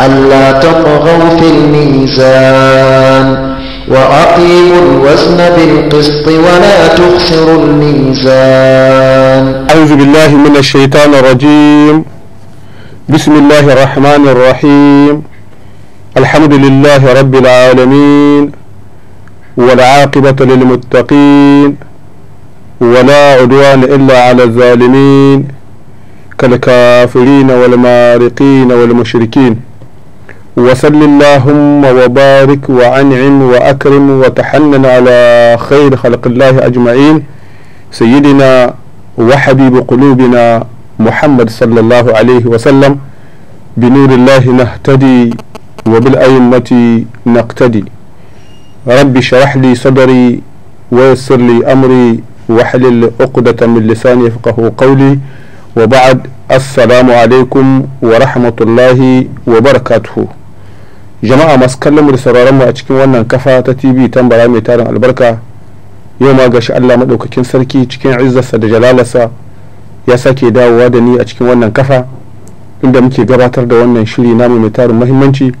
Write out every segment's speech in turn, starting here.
ألا تطغوا في الميزان وأقيموا الوزن بالقسط ولا تخسروا الميزان أعوذ بالله من الشيطان الرجيم بسم الله الرحمن الرحيم الحمد لله رب العالمين والعاقبة للمتقين ولا عدوان إلا على الظالمين كالكافرين والمارقين والمشركين وصل اللهم وبارك وأنعم وأكرم وتحنن على خير خلق الله أجمعين سيدنا وحبيب قلوبنا محمد صلى الله عليه وسلم بنور الله نهتدي وبالأئمة نقتدي رب اشرح لي صدري ويسر لي أمري واحلل عقدة من لساني يفقه قولي وبعد السلام عليكم ورحمة الله وبركاته jama'a masu kallon mu da sauraron mu a cikin wannan kafa ta tv tambara mai tarin albarka yau ma gashi allah maɗaukakin sarki cikin izzarsa da jalalarsa ya sake dawowa da ni a cikin wannan kafa inda muke gabatar da wannan shiri namu mai tarin muhimmanci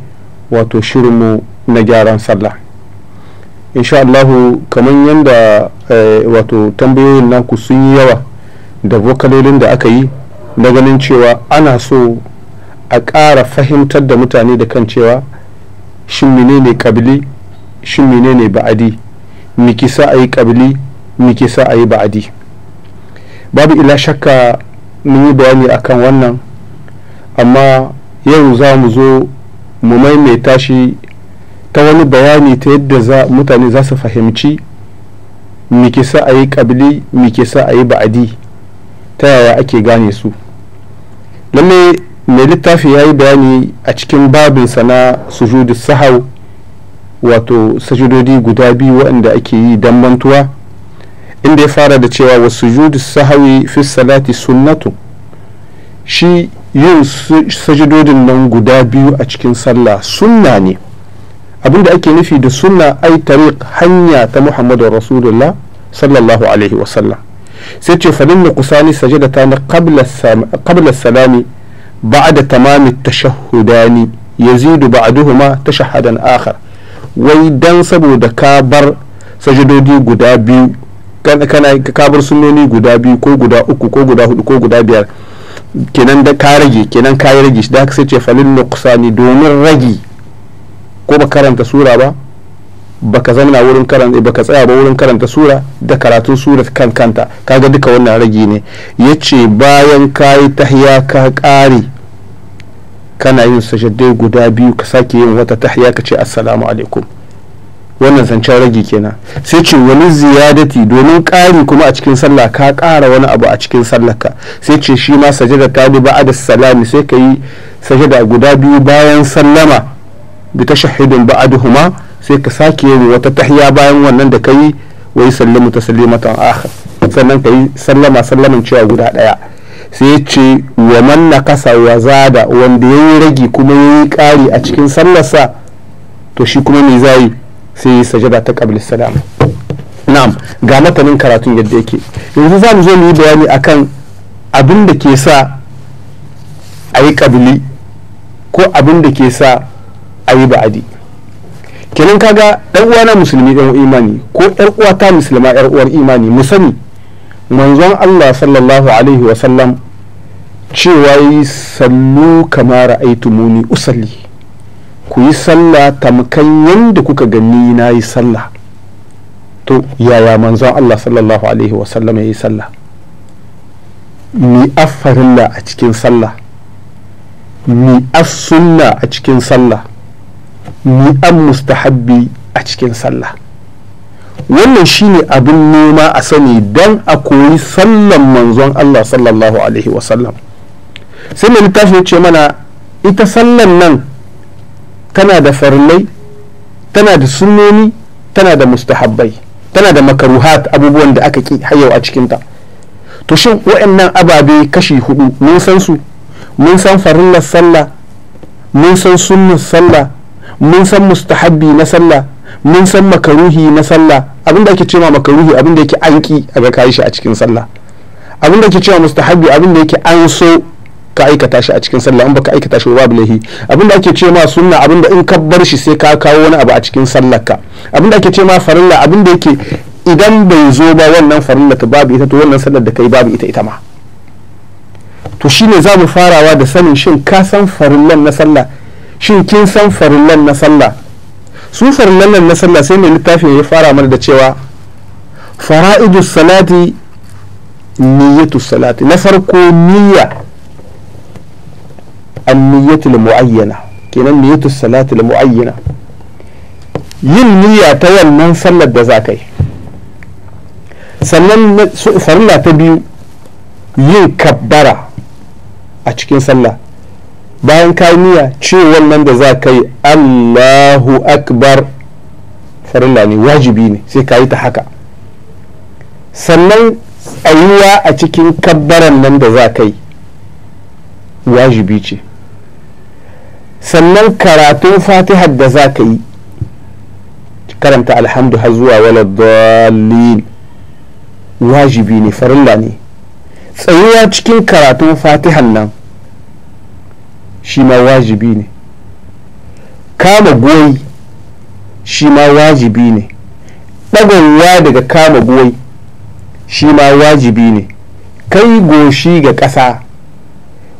wato shirinmu na gyaran sallah insha allahu kamar yadda eh, wato tambayoyin naku sun yi yawa da vokalolin da aka yi na ganin cewa ana so a ƙara fahimtar da mutane da kan cewa shin menene kabili shin menene ba'adi me ke sa a yi kabili me ke sa a ba'adi babu ila shakka mun yi bayani akan wannan amma yau za mu zo mu maimaita shi ta wani bayani ta yadda mutane za su fahimci me ke sa a yi kabili me ke sa a ba'adi ta yaya ake gane su lallai mai littafi ya yi bayani a cikin babin na sujudu sahau wato sujudodi guda biyu waɗanda ake yi don mantuwa inda ya fara da cewa wa sujudu sahawi fi salati sunnatu shi yin sujudodin nan guda biyu a cikin sallah sunna ne abinda ake nufi da sunna ai tariq hanya ta muhammadu rasulullah sallallahu alaihi wasallam sai ce falin na kusani sajidata na qabla salami بعد تمام التشهدان يزيد بعدهما تشهدا آخر ويدن سبو كابر سجدودي قدابي kana kabar sunnoni guda biyu ko guda uku ko guda hudu ko guda biyar kenan da ka rage kenan ka yi rage shi da haka sai ce falin nuqsani domin rage ko ba karanta sura ba baka zauna wurin karanta eh, baka tsaya ba wurin karanta sura da karatun sura kan kanta kaga duka wannan ragi ne yace bayan kayi tahiya ka kare kana yin sajadai guda biyu ka sake yin wata tahiya ka ce assalamu alaikum wannan zancen ragi kenan sai ce wani ziyadati domin ƙari kuma a cikin sallah ka ƙara wani abu a cikin ka sai ce shi ma sajada ta bi da salami sai ka yi sajada guda biyu bayan sallama bi tashahhudin ba'aduhuma sai ka sake yin wata tahiya bayan wannan da kai wa yi sallamu ta sallimatan akhar sannan ka sallama sallaman cewa guda daya sai ya ce wa man nakasa wa zada wanda ya yi ragi kuma ya yi kari a cikin sallasa to shi kuma me zai sai yi sajada ta qabli salam na'am ga matanin karatun yadda yake yanzu za mu zo mu yi bayani akan abin da ke sa a yi ko abin da ke sa a yi ba'adi kenan kaga dan uwa na musulmi dan imani ko yar uwa ta musulma yar uwar imani mu sani manzon Allah sallallahu alaihi wa sallam cewa yi sallu kama muni usali ku yi sallah tamkan yanda kuka gani na yi sallah to yaya manzon Allah sallallahu alaihi wa sallam yayi sallah mi affarilla a cikin sallah mi as-sunna a cikin sallah ni an mustahabbi a cikin sallah wannan shine abin noma a sani don a koyi sallan manzon Allah sallallahu alaihi wasallam sai mai littafin ce mana ita sallan nan tana da farillai tana da sunoni tana da mustahabbai tana da makaruhat abubuwan da aka ki hayau a cikinta to shin waɗannan ababe kashi hudu mun san su mun san farillar sallah mun san sunan sallah mun san mustahabbi na sallah mun san makaruhi na sallah abin da ake cewa makaruhi abin da yake anki a ga kayi shi a cikin sallah abin da ake cewa mustahabbi da yake an so ka aikata shi a cikin sallah in baka aikata shi babu lahi da ake ce ma sunna da in ka bar shi sai ka kawo wani abu a cikin sallar ka da ake ce ma farilla da yake idan bai zo ba wannan farilla ta babu ita to wannan sallar da kai babu ita ita ma to shine za mu farawa da sanin shin ka san farillan na sallah shin kin san farillan na sallah su farillan na sallah sai mai littafin ya fara mana da cewa fara'idu salati niyyatu salati na farko niyya an niyyatu muayyana kenan niyyatu salati muayyana yin niyya ta wannan sallar da za ka yi sannan farilla ta biyu yin kabbara a cikin sallah bayan kaniya ce wannan da za ka yi allahu akbar farilla ne wajibi ne sai ka yi ta haka sannan tsayuwa a cikin kabbaran nan da za ka yi wajibi ce sannan karatun fatihar da za ka yi karanta alhamdu har zuwa dalil wajibi ne farilla ne tsayuwa cikin karatun fatihan nan shi ma wajibi ne kama goyi shi ma wajibi ne ɗagowa daga kama goyi shi ma wajibi ne kai goshi ga ƙasa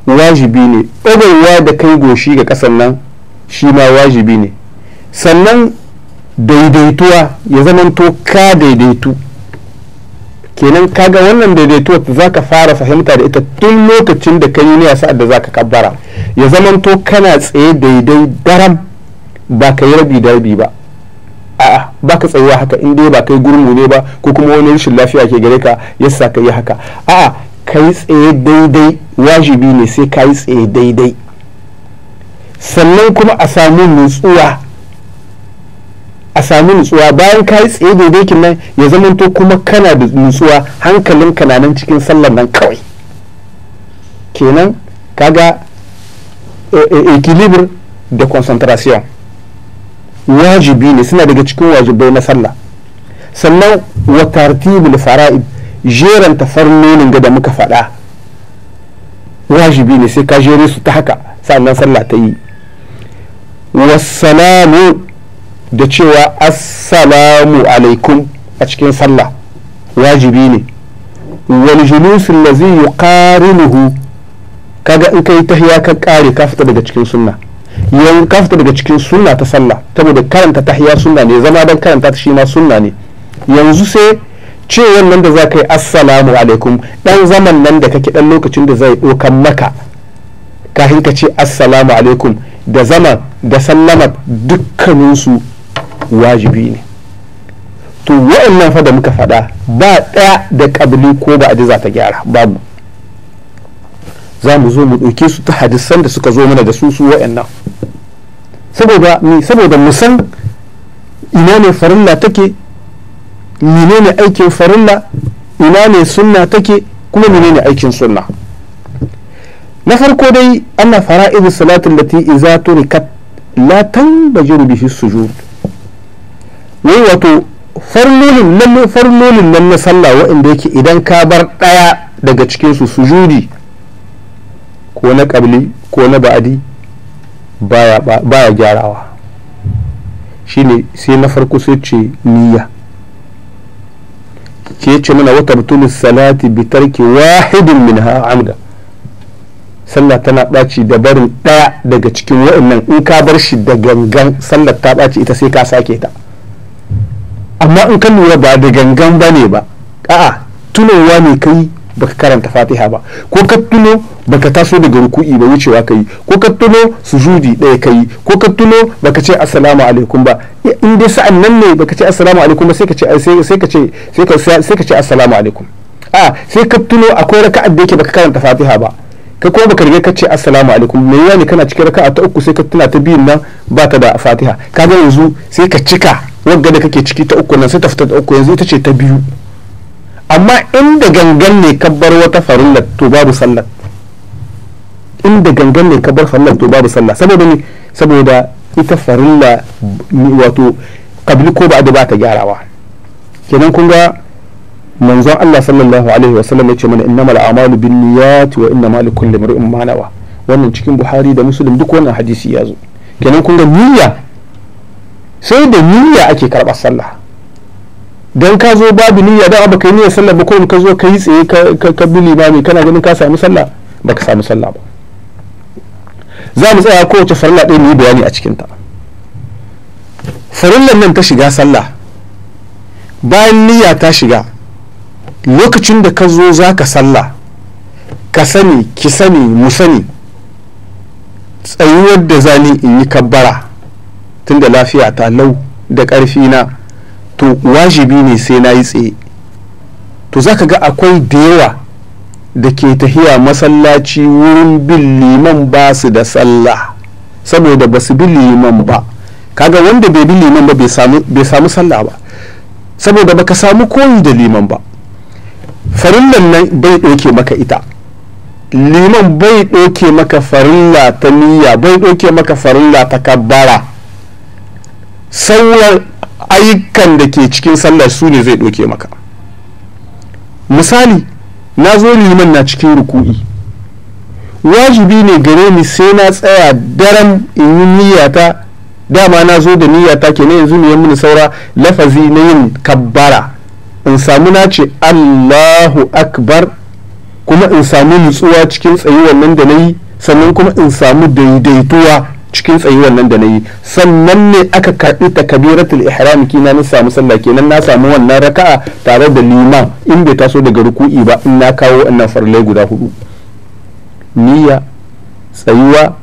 wajibi ne ɗagowa da kai goshi ga ƙasan nan shi ma wajibi ne sannan daidaituwa ya zamanto ka daidaitu kenan kaga wannan daidaituwar za ka fara fahimta da ita tun lokacin da kanyi ne sa'ad da za ka kabbara ya zamanto kana tsaye daidai daram ba ka yi rabi da rabi ba a ba ka tsayuwa haka inda dai ba kai gurmu ne ba ko kuma wani rashin lafiya ke gare ka sa ka yi haka a'a ka yi tsaye daidai wajibi ne sai ka yi tsaye daidai sannan kuma a samu nutsuwa a sami nutsuwa bayan ka yi tsaye daidaikin nan ya zamanto kuma kana da nutsuwa hankalin ka nan cikin sallan nan kawai kenan kaga e, e, equilibre da concentration wajibi ne suna daga cikin wajibai na sallah sannan wa tartibul fara'id jeran tafarnonin ga da muka faɗa wajibi ne sai ka jere su ta haka sannan sallah ta yi wassalamu da cewa assalamu alaikum a cikin sallah wajibi ne wani julusin da zai yi kaga in kai tahiya ka kare ka fita daga cikin sunna yan ka fita daga cikin sunna ta sallah saboda karanta tahiya sunna ne zama don karanta ta shi ma sunna ne yanzu sai ce wannan da za ka yi assalamu alaikum dan zaman nan da kake dan lokacin da zai ɗaukan maka kafin ka ce assalamu alaikum da zaman da sallamar dukkaninsu wajibi ne to wa'annan fa da muka faɗa ba ɗaya da ƙabili ko ba aji za ta gyara babu za mu zo mu ɗauke su ta hadisan da suka zo mana da su su wa'annan saboda ni saboda mu san ina ne farilla take mine ne aikin farilla ina ne sunna take kuma mine ne aikin sunna na farko dai ana faraizu salatin lati iza turikat la tanbajiru bihi sujud wai wato farlolin nan na sallah waɗanda yake idan ka bar ɗaya daga cikin su sujudi ko na ƙabli ko na ba'adi baya gyarawa shine sai na farko sai ce niyya ke ce mana wata mutumin salati bitarki wahidin wahidin ha amda sallah tana ɓaci da barin ɗaya daga cikin wa'annan in ka bar shi da gangan sallar ta ɓaci ita sai ka sake ta amma in ka lura ba da gangan ba ne ba a'a tunowa ne kai baka karanta fatiha ba ko ka tuno baka taso daga ruku'i ba wucewa kai ko ka tuno sujudi ɗaya kai ko ka tuno baka ce assalamu alaikum ba in dai sa'an nan ne baka ce assalamu alaikum ba sai ka ce sai ka ce sai ka ce assalamu alaikum a sai ka tuno akwai raka'a da yake baka karanta fatiha ba ka kuma baka riga ka ce assalamu alaikum me yana kana cikin raka'a ta uku sai ka tuna ta biyun nan ba ta da fatiha kaga yanzu sai ka cika wagga da kake ciki ta uku nan sai ta fita ta uku yanzu ita ce ta biyu amma inda gangan ne kabbar wata farilla to babu sallah inda gangan ne kabbar farilla to babu sallah saboda ne saboda ita farilla wato kabli ko ba da ba ta gyarawa kenan kun ga manzon Allah sallallahu alaihi wasallam yace mana innamal a'malu binniyat wa innamal likulli imrin ma nawa wannan cikin Buhari da Muslim duk wannan hadisi ya zo kenan kun ga niyya sai da niyya ake karɓar sallah dan ka zo babu niyya dan ba kai niyyar sallah ba ko ka zo ka yi tsaye ka bili ba limami kana ganin ka sami sallah baka sami sallah ba za mu tsaya kowace farilla ɗaya mu yi bayani a cikinta farillan nan ta shiga sallah bayan niyya ta shiga lokacin da ka zo za ka sallah ka sani ki sani mu sani tsayuwar da zani in yi kabbara tunda lafiya ta lau da ƙarfi na to wajibi ne sai na yi tsaye to zaka ga akwai da yawa da ke tahiya masallaci wurin bin liman ba su da sallah saboda ba su bin liman ba kaga wanda bai bin liman ba bai samu sallah ba saboda baka samu koyi da liman ba farillan nan bai ɗauke maka ita liman bai ɗauke maka farilla ta niyya bai ɗauke maka farilla ta kabbara sauran ayyukan da ke cikin sallah su ne zai ɗauke maka misali na zo liman na cikin ruku'i wajibi ne gare ni sai na tsaya daren in yi niyyata dama na zo da niyyata ke yanzu ne mini saura lafazi na yin kabbara in samu na ce allahu akbar kuma in samu nutsuwa cikin tsayi wannan da na yi sannan kuma in samu daidaituwa cikin tsayi nan da yi sannan ne aka ta kabiratul ihram kina na samu sallah kenan na samu wannan raka'a tare da liman in bai taso daga ruku'i ba in na kawo wannan farlai guda hudu niyya tsayuwa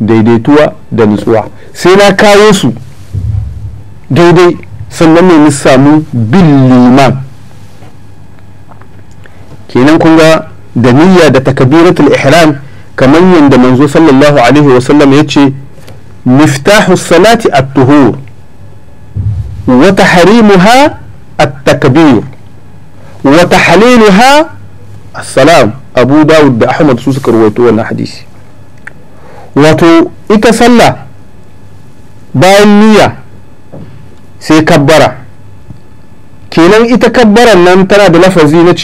daidaituwa da nutsuwa sai na kawo su daidai sannan ne na samu bin liman kenan kun ga da niyya da takabiratul ihram kamar yadda manzo sallallahu alaihi wasallam ya ce مفتاح الصلاة الطهور وتحريمها التكبير وتحليلها السلام أبو داود أحمد سوسك رويته ولا حديث وتو إتصلى بأنية سيكبرة كي kenan إتكبرة kabbaran ترى tana da lafazi na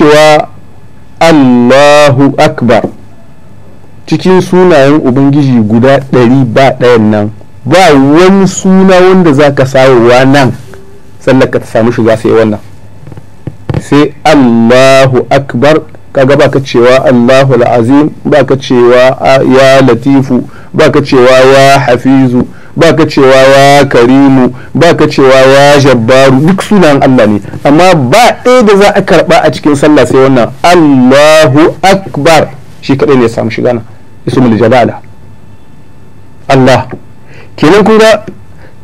cikin sunayen ubangiji guda ɗari ba ɗayan nan ba wani suna wanda za ka sawowa nan sannan ka samu shiga sai wannan sai allahu akbar kaga baka cewa allahu ba baka cewa ya latifu baka cewa ya hafizu baka cewa ya karimu baka cewa ya jabbaru duk sunan allah ne amma ba ɗaya da za a karɓa a cikin sallah sai wannan allahu akbar shi kaɗai ne samu shiga nan ismul jalala Allah kenan kuma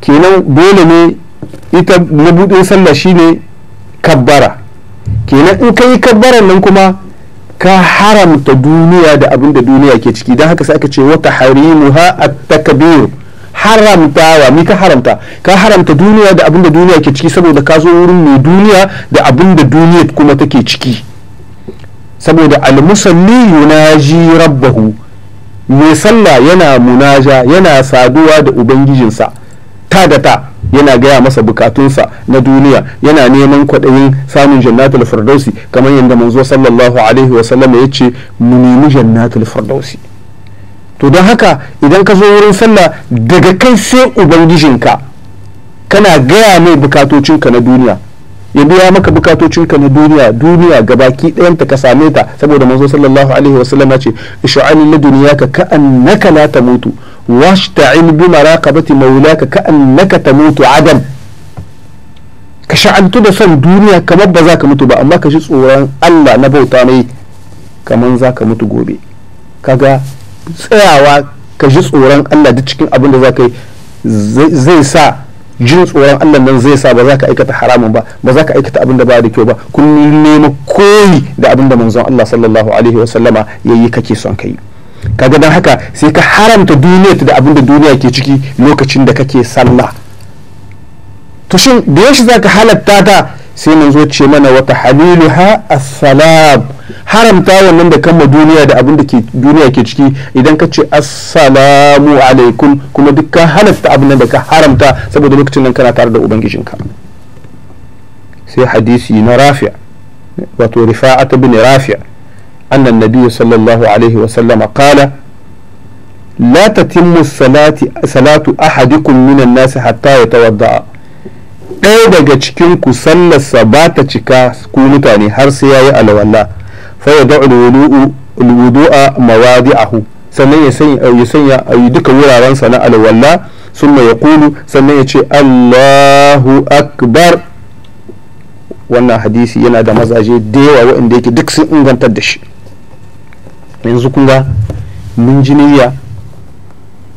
kenan dole ne ita mabudin sallah shine kabbara kenan in kai kabbaran nan kuma ka haramta duniya da abin da duniya ke ciki don haka sai aka ce wata harimuha at-takbir haramtawa mi ka haramta ka haramta duniya da abin da duniya ke ciki saboda ka zo wurin mai duniya da abin da duniya kuma take ciki saboda al-musalli yunaji rabbahu mai sallah yana munaja yana saduwa da ubangijinsa ta da ta yana gaya masa bukatunsa na duniya yana neman kwaɗayin samun jannatul firdausi kamar yadda manzo sallallahu alaihi wa sallam ya ce mu nemi jannatul firdausi to don haka idan ka zo wurin sallah daga kai sai ubangijinka kana gaya mai bukatocinka na duniya ya biya maka bukatocinka na duniya duniya gabaki ɗayanta ka same ta saboda manzo sallallahu alaihi wasallam ce ish'al ka ka'annaka la tamutu washta'in bi maraqabati maulaka ka'annaka tamutu adam ka sha'antu da son duniya kamar ba za ka mutu ba amma ka ji tsoron Allah na bauta mai kamar za ka mutu gobe kaga tsayawa ka ji tsoron Allah duk cikin abin da za ka yi zai sa jin tsoron Allah nan zai sa ba za ka aikata haramun ba ba za ka aikata abin da ba da kyau ba kun nema koyi da abin da manzon Allah sallallahu alaihi wa sallama yayi kake son kai kaga dan haka sai ka haramta duniya da abin da duniya ke ciki lokacin da kake sallah to shin da yaushe zaka halatta ta sai mun zo ce mana wata halilu ha assalam haramta wannan da kama duniya da abin da ke duniya ke ciki idan ka ce assalamu alaikum kuma duk ka halatta abin da ka haramta saboda lokacin nan kana tare da ubangijinka sai hadisi na rafi'a wato rifa'at bin rafi'a annan nabiyyu sallallahu alaihi wa sallama qala la tatimmu salati salatu ahadikum minan nasi hatta yatawadda'a ɗaya daga cikin ku sallarsa ba ta cika ku mutane har sai yayi alwala fa ya da'u alwudu'a mawadi'ahu sannan ya sanya ya sanya duka wuraren sa na alwala summa yaqulu sannan ya ce Allahu akbar wannan hadisi yana da mazaje da yawa waɗanda yake duk sun inganta da shi yanzu kun ga mun ji niyya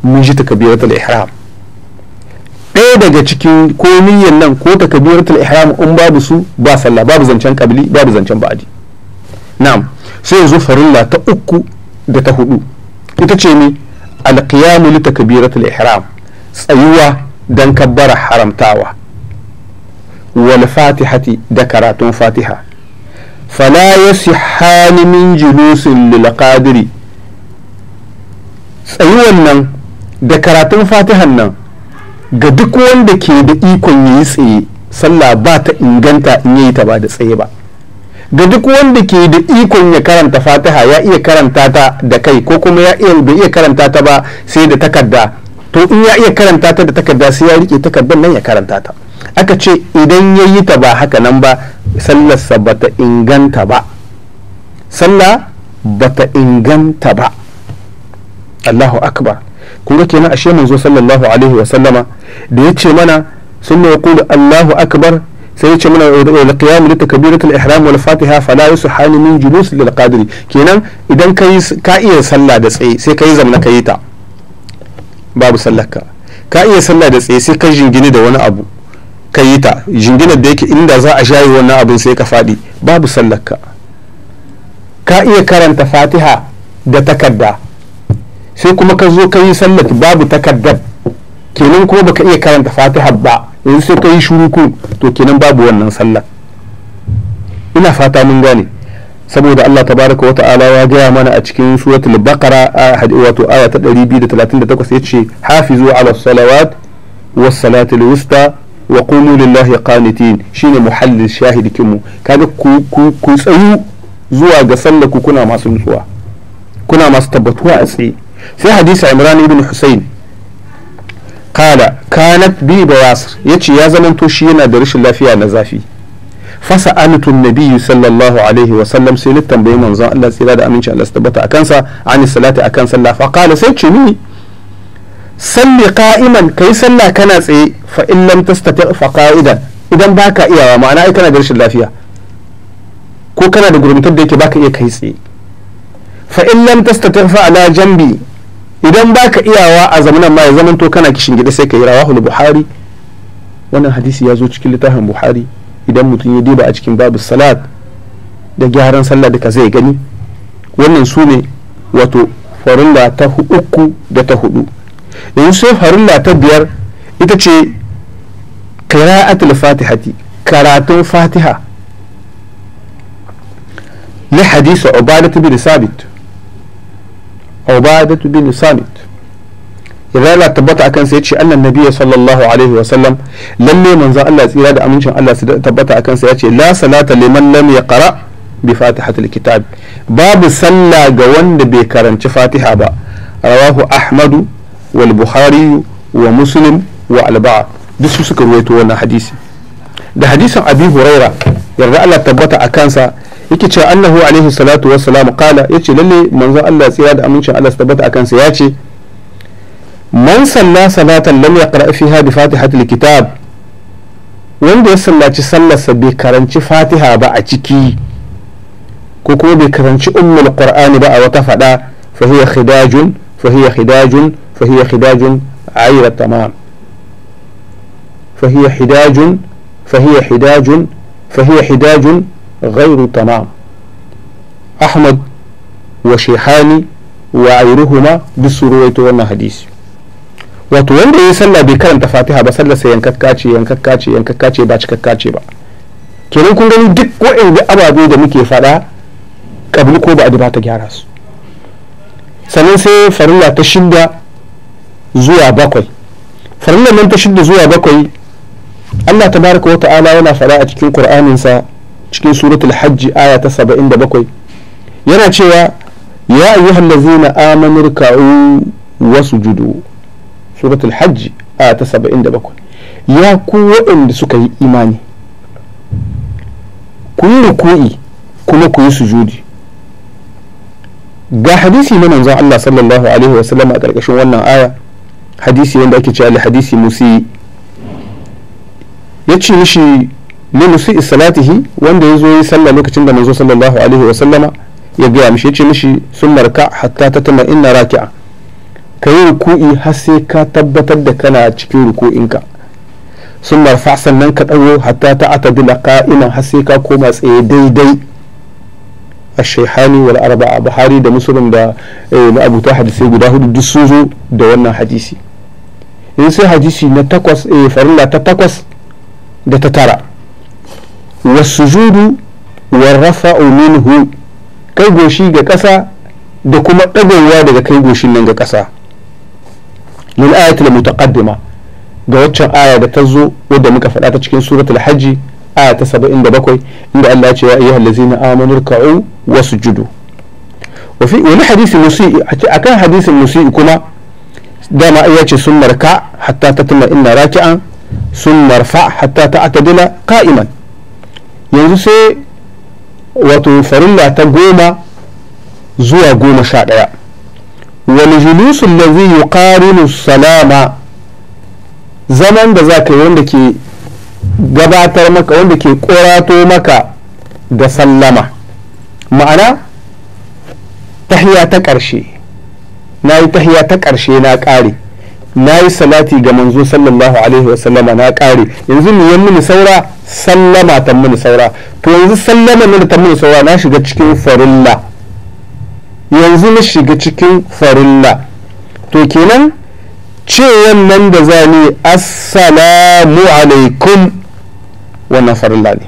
mun ji takbiratul ihram ɗaya daga cikin ko niyyan nan ko takabiratul ihram in babu su ba sallah babu zancen kabili babu zancen ba'adi na'am sai yanzu farilla ta uku da ta hudu ita ce ne alqiyamu li takbiratul ihram tsayuwa dan kabbara haramtawa wal fatihati da karatun fatiha fala yasihhani min julusin lil qadiri tsayuwan nan da karatun fatihan nan ga duk wanda ke da ikon ya yi tsaye sallah ba ta inganta in yi ta ba da tsaye ba ga duk wanda ke da ikon ya karanta fataha ya iya karanta ta da kai ko kuma ya iya bai iya karanta ta ba sai da takarda to in ya iya karanta ta da takarda sai ya rike takardar nan ya karanta ta aka ce idan ya yi ta ba haka nan ba sallarsa ba ta inganta ba sallah ba ta inganta ba Allahu akbar kun ga kenan ashe manzo sallallahu alaihi wa sallama da yace mana sunna kulu Allahu akbar sai yace mana da qiyam li takbiratul ihram wal fatiha fala yusahani min julus lil qadiri kenan idan kai ka iya sallah da tsaye sai kai zamna kai ta babu sallarka ka iya sallah da tsaye sai ka jingine da wani abu ka yi ta jinginar da yake inda za a shayi wannan abin sai ka faɗi babu sallarka ka iya karanta fatiha da takarda sai kuma ka zo ka sallah babu takardar kenan kuma baka iya karanta fatiha ba yanzu sai ka yi shuruku to kenan babu wannan sallar ina fata mun gane saboda Allah tabaraka wa ta'ala ya gaya mana a cikin suratul baqara wato aya ta 238 yace hafizu ala salawat was salatul wusta wa qulu lillahi qanitin shine muhallin shahidikum kada kaga ku ku tsayu zuwa ga sallar ku kuna masu nutsuwa kuna masu tabbatuwa a tsaye sai hadisi imran ibn husayn kala kanat bi bawasir yace ya zamanto shi yana da rashin lafiya na zafi fasa anutun nabiyyu sallallahu alaihi wa sallam sai nit tambayi manzon Allah tsira da aminci Allah tabbata a kansa ani salati a kan sallah fa kala sai ce mini salli qa'iman kai sallah kana tsaye fa in lam tastati fa qa'idan idan baka iyawa ma'ana ai kana da rashin lafiya ko kana da gurmutar da yake baka iya kai tsaye fa in lam tastati fa ala jambi idan baka iyawa a zamanin ma ya zaman to kana kishin gida sai ka yi rawahul buhari wannan hadisi ya zo cikin littafin buhari idan mutum ya diba a cikin babu salat da gyaran sallah da ka zai gani wannan su ne wato farilla ta uku da ta hudu yanzu sai farilla ta biyar ita ce qira'atul fatihati karatun fatiha li hadisi ubadat bin sabit ubadatu bin samit irala tabbata akan sai yace annan nabiyya sallallahu alaihi wa sallam lalle manzon Allah tsira da amincin Allah su tabbata akan sa yace la salata liman lam yaqra bi fatihatil kitab babu salla ga wanda bai karanci fatiha ba rawahu ahmadu wal bukhari wa muslim wa alba'a duk su suka ruwaito wannan hadisi da hadisin abi huraira yarda Allah tabbata akansa. sa yake cewa annahu alaihi salatu wassalam qala yace lalle manzo Allah tsira da amincin Allah tabbata akan sa yace man salla salatan lam yaqra fiha bi fatihatil kitab wanda ya sallaci sallar sa bai karanci fatiha ba a ciki ko kuma bai karanci ummul qur'ani ba a wata fada fa hiya khidajun fa hiya khidajun fa hiya khidajun ayra tamam fa hiya hidajun fa hiya hidajun fa hiya hidajun غير تمام أحمد وشيحاني وغيرهما بسرويت وانا حديث wato wanda ya sallah bai karanta fatiha ba sallarsa yankakka ce yankakka ce yankakka ce ba cikakka ce ba kenan kun gani duk waɗanda ababe da muke faɗa kabli ko ba ba ta gyara su sannan sai farilla ta shidda zuwa bakwai farilla nan ta shidda zuwa bakwai Allah ta tabaraka wa ta'ala yana faɗa a cikin Qur'aninsa cikin suratul hajji aya ta saba'in da bakwai yana cewa ya yi ayyuhal amanar ka'u wasu judu suratul hajji aya ta saba'in da bakwai ya ku waɗanda suka yi imani ku yi ruku'i kuma ku yi sujudi ga hadisi na manzon Allah sallallahu alaihi wa sallam a ƙarƙashin wannan aya hadisi wanda ake cewa hadisi musi ya ce mishi li musi salatihi wanda zo yi sallah lokacin da manzo sallallahu alaihi wa sallama ya gaya mishi yace mishi summa raka hatta tatma inna raki'a kayi ruku'i har sai ka tabbatar da kana cikin ruku'inka summa rafa sannan ka dawo hatta ta'ata bil qa'ima har sai ka koma tsaye daidai الشيحاني والأربعة بحاري ده مسلم ده أبو تاحد سيقول ده دسوزو da وانا حديثي eh, in sai hadisi na takwas eh, farilla ta takwas da ta tara wasujudu warrafa'u minhu kai goshi ga ƙasa da kuma ɗagowa daga kai goshin nan ga ƙasa lil ayatul mutaqaddima ga waccan aya da ta zo wadda muka faɗa ta cikin suratul hajji aya ta 77 inda Allah ya ce ya ayyuhal ladzina amanu ruk'u wasjudu wa fi wani hadisi musii akan hadisin musii kuma dama ya ce sun marka hatta tatma inna raki'an sun marfa hatta ta'tadila qa'iman yanzu sai wato farilla ta goma zuwa goma sha ɗaya wani julusun da zai yi ƙarinu salama zaman da za ka yi wanda ke gabatar maka wanda ke ƙorato maka da sallama ma'ana tahiya ta ƙarshe na yi tahiya ta ƙarshe na ƙare na yi salati ga manzo sallallahu alaihi wasallama na ƙare yanzu mu yi mini saura sallama ta mini saura to yanzu sallama ne ta mini saura na shiga cikin farilla yanzu na shiga cikin farilla to kenan ce yannan da za ni assalamu alaikum wannan farilla ne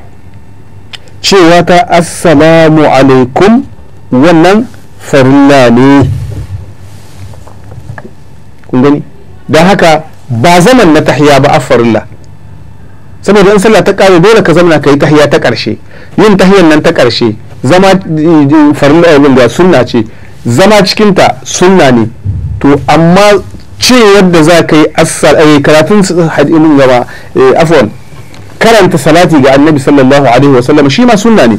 cewa ta assalamu alaikum wannan farilla ne kun gani don haka ba zaman na tahiya ba a farilla saboda in sallah ta kare dole ka zamana kai tahiya ta karshe yin tahiyan nan ta karshe zama farin eh, da sunna ce zama cikin ta sunna ne to amma ce yadda za ka yi eh, karatun hadinin gaba eh, afwan karanta salati ga annabi sallallahu alaihi wasallam shi ma sunna ne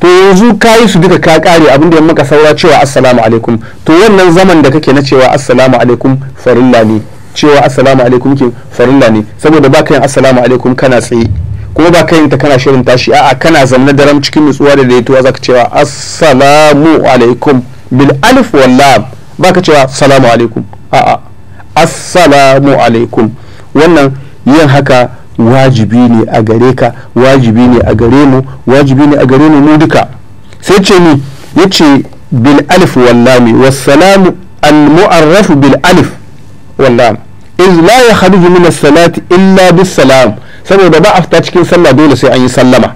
to yanzu ka yi su duka ka kare abin da ya maka saura cewa assalamu alaikum to wannan zaman da kake na cewa assalamu alaikum farilla ne cewa assalamu alaikum ke farilla ne saboda ba ka yin assalamu alaikum kana tsaye kuma ba ka yin ta kana shirin tashi a'a kana zanne daram cikin nutsuwa da daidaituwa zaka cewa assalamu alaikum bil alif wal lam ba ka cewa assalamu alaikum a'a assalamu alaikum wannan yin haka wajibi ne a gare ka wajibi ne a gare mu wajibi ne a gare mu duka sai ce ni yace bil alif wal lam wassalamu al mu'arraf bil alif wal lam iz la ya kharuju min illa bis salam saboda ba a fita cikin sallah dole sai an sallama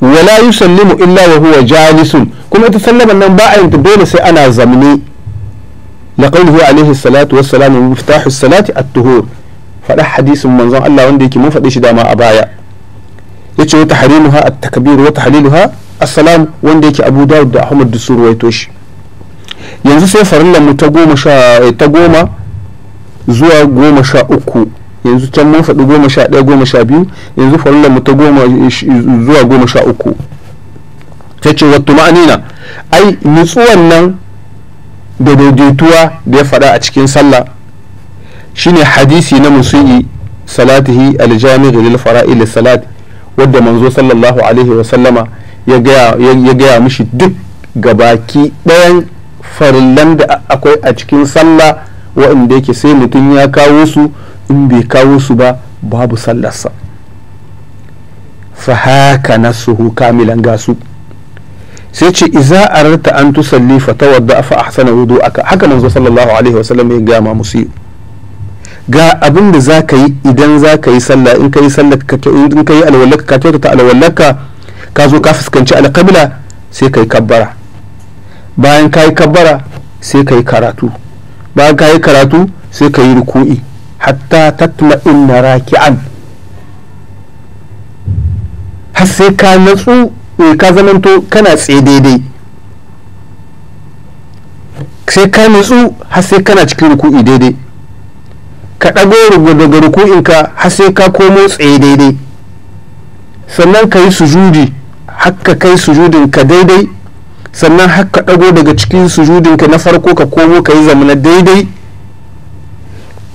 wala yusallimu illa wa huwa jalisun kuma ita sallaman nan ba a yi dole sai ana zamne la qawlihi alayhi salatu wa salam miftahu as-salati at-tuhur fada hadisin manzon Allah wanda yake mun fadi shi dama a baya yace wa tahrimuha at-takbir wa tahliluha as-salam wanda yake Abu Dawud da Ahmad da Surwayto shi yanzu sai farillan mu ta goma zuwa goma sha uku yanzu can mun faɗi goma sha ɗaya goma sha biyu yanzu farillar mu ta goma zuwa goma sha uku ta ce wato ma'anina ai nutsuwan nan da daidaituwa da ya faɗa a cikin sallah shine hadisi na musu'i salatihi aljami lil fara'il salat wadda manzo sallallahu alaihi wa sallama ya gaya mishi duk gabaki ɗayan farillan da akwai a cikin sallah waɗanda yake sai mutum ya kawo su in bai kawo su ba babu sallarsa fa haka nasuhu kamilan gasu sai ce iza ararta an tusalli fa tawadda fa ahsana aka haka manzo sallallahu alaihi wa sallam ya gama musu ga abin da zaka yi idan za ka yi sallah in ka yi sallah in kai alwallaka ka kyautata alwallaka ka zo ka fuskanci alƙabla sai ka yi kabbara bayan ka yi kabbara sai ka yi karatu bayan ka yi karatu sai ka yi ruku'i hatta tatma inna raki'an har sai ka natsu eh, ka zamanto kana tsaye daidai sai ka natsu har sai kana cikin ruku'i daidai ka ɗago daga ruku'inka har sai ka komo tsaye daidai sannan ka yi sujudi haka kai sujudin ka daidai sannan har ka ɗago daga cikin sujudinka na farko ka komo ka yi zamana daidai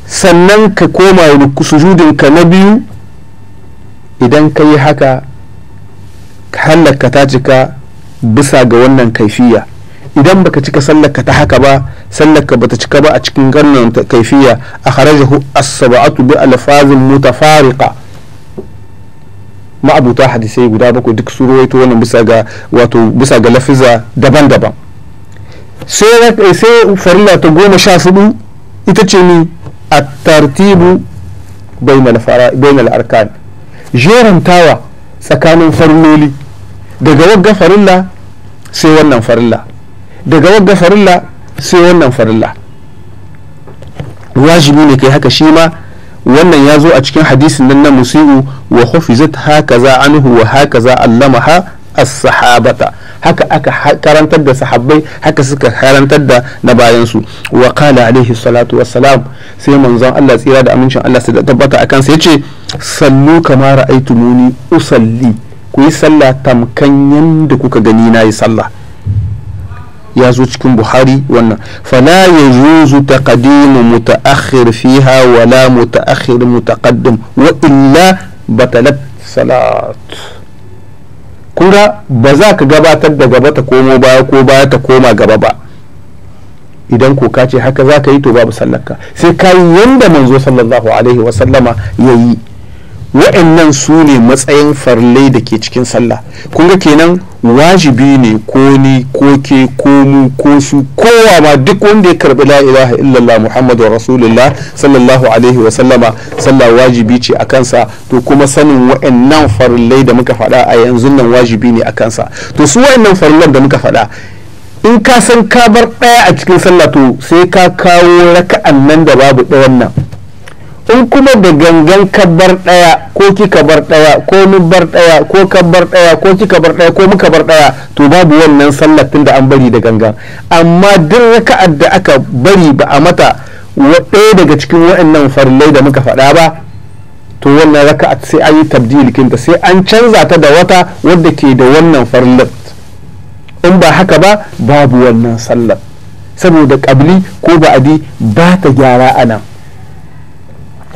sannan ka koma sujudinka na biyu idan ka yi haka hallaka ta cika bisa ga wannan kaifiya idan baka cika sallaka ta haka ba sallaka bata cika ba a cikin gannan kaifiya a kharajahu as-sab'atu bi alfazin mutafariqa ma'abuta hadisai guda bakwai duk su rawaito wannan bisa ga wato bisa ga lafiza daban-daban sai sai farilla ta goma sha hudu ita ce ni a tartibu bainal arkan jerantawa tsakanin farilloli daga wagga farilla sai wannan farilla daga wagga farilla sai wannan farilla wajibi ne kai haka shi ma wannan ya zo a cikin hadisin nan na musi'u wa hufizat hakaza anhu wa hakaza allamaha as-sahabata haka aka karantar da sahabbai haka suka karantar da na bayansu wa qala alaihi salatu wassalam sai manzon Allah tsira da amincin Allah su tabbata akan sai yace sallu kama ra'aytumuni usalli ku yi sallah tamkan yanda kuka gani na yi sallah ya zo cikin buhari wannan fala ya zuzu taqadimu mutaakhir fiha wala mutaakhir mutaqaddim wa illa batalat salat kura ba za ka gabatar da gaba ta komo baya ko baya ta koma gaba ba idan ko ka ce haka za ka yi to babu sallarka sai ka yi yanda manzo sallallahu alaihi wa sallama ya yi wa'annan su ne matsayin farlai da ke cikin sallah kun ga kenan wajibi ne ko ni ko ke ko mu ko su kowa ma duk wanda ya karbi la ilaha illallah muhammadu rasulullah sallallahu alaihi wa sallama sallah wajibi ce a kansa to kuma sanin wa'annan farlai da muka faɗa a yanzu nan wajibi ne a kansa to su wa'annan farlan da muka faɗa in ka san ka bar ɗaya a cikin sallah to sai ka kawo raka'an nan da babu ɗayan nan in kuma da gangan kabar bar daya ko kika bar daya ko mun bar daya ko ka daya ko kika bar daya ko muka bar daya to babu wannan sallar tunda an bari da gangan amma duk raka'ar da aka bari ba a mata ɗaya daga cikin waɗannan farillai da muka faɗa ba to wannan raka'a sai an yi tabdil kinta sai an canza ta da wata wadda ke da wannan farillai in ba haka ba babu wannan sallar saboda ƙabli ko ba'adi ba ta gyara anan.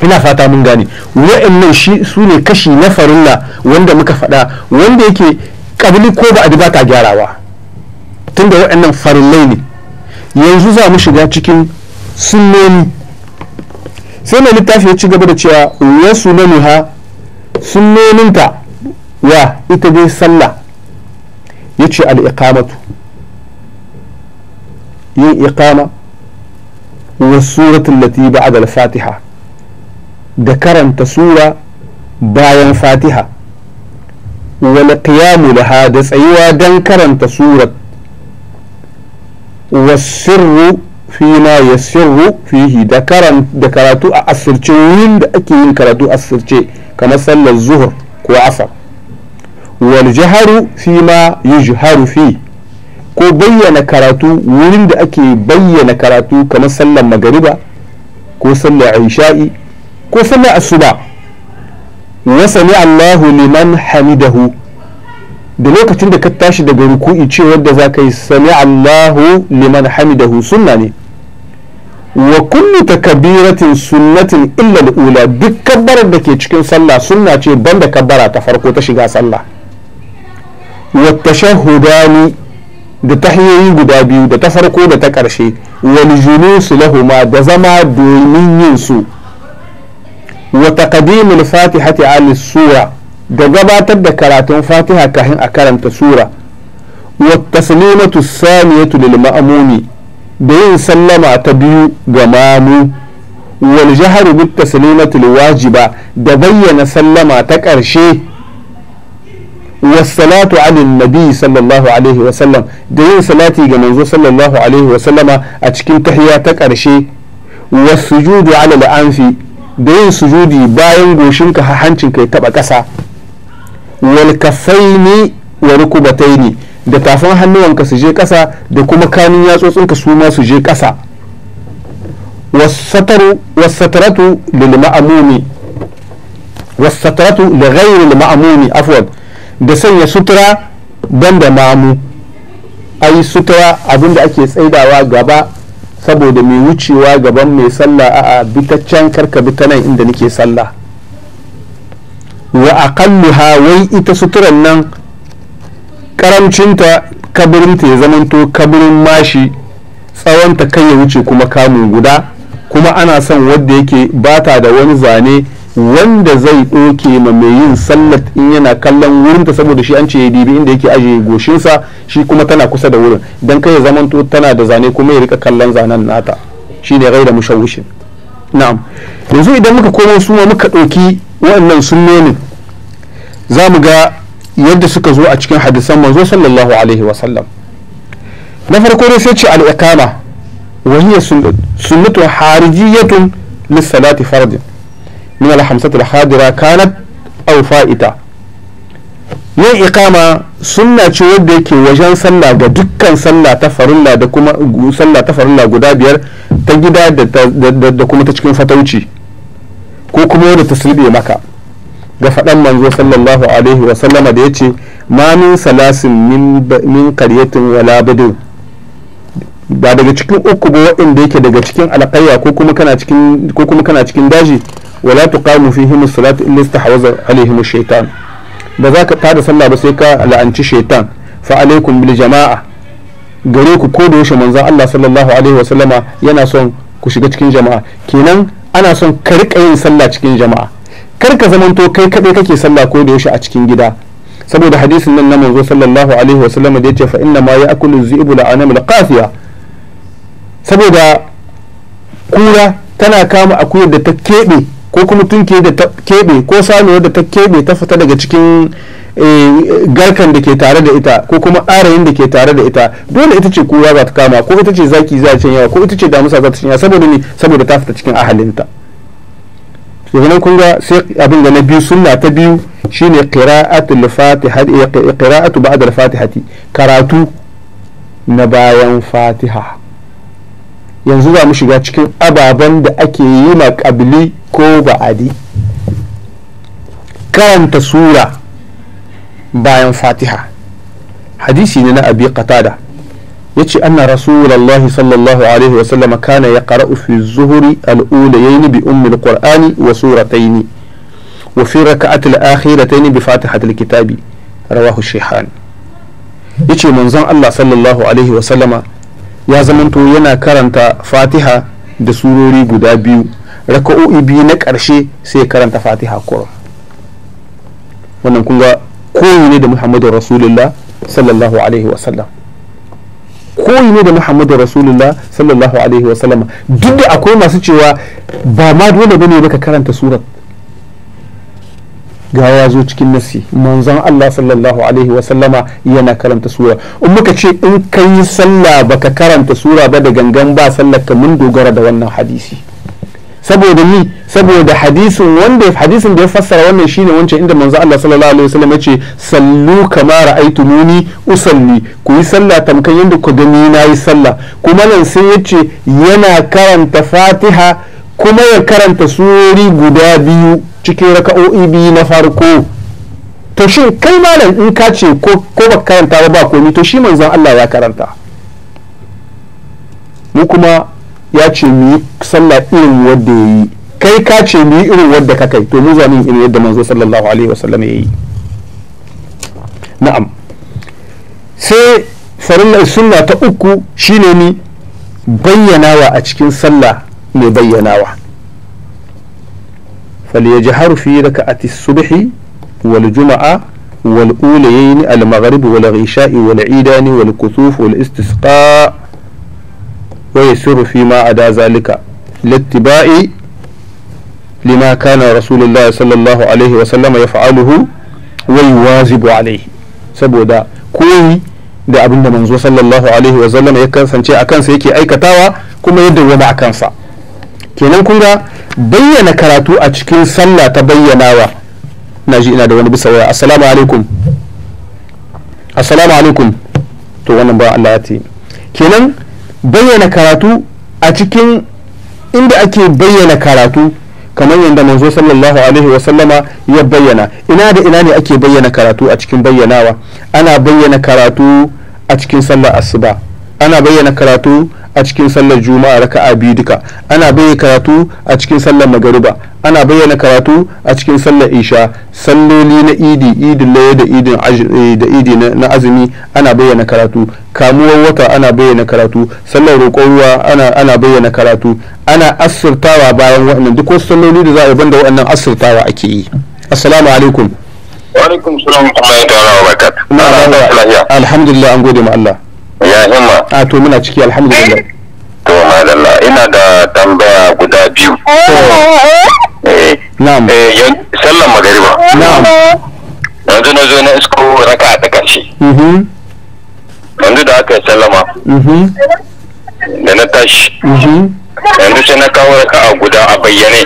ina fata mun gane wa'annan shi su ne kashi na farilla wanda muka faɗa wanda yake kabili ko ba a ba ta gyarawa tunda wa'annan farillai ne yanzu za mu shiga cikin sunnoni sai mai littafi ya ci gaba da cewa wasu na nuha sunnoninta wa ita dai sallah ya ce al'iƙamatu yin iƙama wa suratun lati ba al-fatiha da karanta sura bayan fatiha wani qiyamu laha da tsayuwa dan karanta wa wasirru fima ya sirru fihi da karatu a asirce wurin da ake yin karatu asirce kamar sallar zuhur ko asar wal jaharu ma yujharu fi ko bayyana karatu wurin da ake bayyana karatu kamar sallar magariba ko sallar isha'i ko sallar asuba wa sami Allahu liman hamidahu da lokacin da ka tashi daga ruku'i ce wadda za ka yi sami Allahu liman hamidahu suna ne wa kullu kabiratin sunnatin illa al-ula duk kabbarar da ke cikin sallah sunna ce banda kabbara ta farko ta shiga sallah wa hudani da tahiyoyi guda biyu da ta farko da ta ƙarshe wal julus lahuma da zama domin yin su wa taqdimul fatihati ala sura da gabatar da karatun fatiha kafin a karanta sura wa taslimatu saniyatu lil ma'mumi da yin sallama ta biyu ga mamu wal jahru bit taslimati wajiba da bayyana sallama ta karshe wasalatu alin nabi sallallahu alaihi da yin salati ga manzo a alaihi wasallama a cikin tahiya ta ƙarshe wasujudu ala al'anfi da yin sujudi bayan goshinka hancinka ya taba ƙasa wal kafaini wa rukubataini da tafin hannuwanka su je ƙasa da kuma kanun yatsotsinka su ma su je ƙasa wasataratu lil ma'amumi wasataratu li ghairi ma'amumi afwan da sanya sutura banda mamu ai sutura abinda ake tsaidawa gaba saboda mai wucewa gaban mai sallah a bitaccen karka bi ta nan inda nake sallah wa aqalluha wai ita suturan nan karamcinta kabirinta ya zamanto kabirin mashi tsawonta kan ya wuce kuma kamun guda kuma ana son wadda yake bata da wani zane wanda zai ɗoke ma mai yin sallat in yana kallon wurinta saboda shi an ce ya dibi inda yake ajiye goshinsa shi kuma tana kusa da wurin dan kai ya zamanto tana da zane kuma ya rika kallon zanen nata shi shine mu mushawishin na'am yanzu idan muka komo su muka ɗauki waɗannan sunnonin za mu ga yadda suka zo a cikin hadisan manzo sallallahu alaihi wa sallam na farko ne sai ce al-iqama wa hiya sunnatun harijiyatun lis-salati fardin min alhamsat alhadira kanat aw ita yin ikama sunna ce wadda yake wajen sallah ga dukkan sallah ta farilla da kuma sallah ta farilla guda biyar ta gida da kuma cikin fatauci ko kuma wadda ta maka ga faɗan manzo sallallahu alaihi wa sallama da yace ma min salasin min qaryatin wala badin ba daga cikin uku ba waɗanda yake daga cikin alƙayya ko kuma kana cikin daji wala tuqamu fihim as-salatu illa istahwaza alaihim ash ba za ka tada sallah ba sai ka la'anci shaitan fa alaikum bil jama'a gare ku ko da yaushe manzon Allah sallallahu alaihi wa sallama yana son ku shiga cikin jama'a kenan ana son ka rika yin sallah cikin jama'a kar ka zamanto kai kadai kake sallah ko da yaushe a cikin gida saboda hadisin nan na manzo sallallahu alaihi wa sallama da yace fa inna ma ya'kulu dhi'bu la'anamul qasiya saboda kura tana kama akuyar da ta kebe ko kuma tunke da ta keɓe ko sanuwar da ta kebe ta fita daga cikin eh, garkan da ke tare da ita ko kuma arayin da ke tare da ita dole ita ce kowa za ta kama ko ita ce zaki za ta yawa ko ita ce damusa za ta yawa saboda ne saboda ta fita cikin ahalinta yanzu kun ga sai abin da na biyu sunna ta biyu shine qira'atul fatiha eh, qira'atu ba'da al-fatihati karatu na bayan fatiha yanzu za mu shiga cikin ababen da ake yi ma ƙabili ko ba'adi karanta sura bayan fatiha hadisi ne na abi qatada ya ce anna rasulallah sallallahu alaihi wasallama kana ya qara'u fi zuhuri al'ulayaini bi ummil qur'ani wa surataini wa fi raka'at al-akhirataini bi fatihat al-kitabi rawahu yace manzon Allah sallallahu alaihi wasallama ya zamanto yana karanta fatiha da surori guda biyu raka'o'i biyu na ƙarshe sai karanta fatiha kura wannan kunga koyi ne da muhammadu rasulullah sallallahu alaihi wasallam koyi ne da muhammadu rasulullah sallallahu alaihi wasallam duk da akwai masu cewa ba ma dole bane baka karanta surat ga ya zo cikin nasi manzon Allah sallallahu alaihi wa sallama yana karanta sura in muka ce in kai sallah baka karanta sura ba da gangan ba sallar ka mun dogara da wannan hadisi saboda ni saboda hadisin wanda hadisin da ya fassara wannan shine wancan inda manzan Allah sallallahu alaihi sallama yace sallu kama ra'aytumuni usalli ku yi sallah tamkan yanda ku gani na yi sallah kuma nan sai yace yana karanta Fatiha kuma ya karanta surori guda biyu cikin raka'o'i biyu na farko to shin kai malam in ka ce ko ba karanta ba ba komi to shi manzon Allah ya karanta mu kuma ya ce mu yi sallah irin wadda ya yi kai ka ce mu yi irin wadda ka kai to mu zani irin yadda manzo sallallahu alaihi wasallam ya yi na'am sai farin sunna ta uku shine ni bayyanawa a cikin sallah mai bayyanawa فليجهر في ركعة الصبح والجمعة والأوليين المغرب والغشاء والعيدان والكسوف والاستسقاء ويسر فيما عدا ذلك لاتباع لما كان رسول الله صلى الله عليه وسلم يفعله ويواظب عليه سبودا كوي da abin da manzo sallallahu alaihi wa sallam ya kasance a kansa yake aikatawa kuma ya dawwama a kansa kenan kun ga bayyana karatu a cikin sallah ta bayyanawa na ji ina da wani bisa waya assalamu alaikum assalamu alaikum to wannan ba Allah ya ce kenan bayyana karatu a cikin inda ake bayyana karatu kamar yadda manzo sallallahu alaihi wa sallama ya bayyana ina da ina ne ake bayyana karatu a cikin bayyanawa ana bayyana karatu a cikin sallar asuba ana bayyana karatu a cikin sallar juma'a raka'a biyu duka ana bayyana karatu a cikin sallar magariba ana bayyana karatu a cikin sallar isha salloli na idi idin laye da idin eh, da idi na azumi ana bayyana karatu kamuwar wata ana bayyana karatu sallar roƙon ruwa ana ana bayyana karatu ana asirtawa bayan wannan duk wasu salloli da za a banda wannan asirtawa ake yi assalamu alaikum wa alaikum salam wa rahmatullahi wa barakatuh alhamdulillah an gode ma Allah ya himma a to muna ciki alhamdulillah to madalla ina da tambaya guda biyu eh. Eh. na'am eh sallan magariba na'am yanzu na zo na isko raka ta karshe mm-hmm. yanzu da aka yi sallama mm-hmm. da na tashi mm-hmm. yanzu sai na kawo raka a guda a bayyane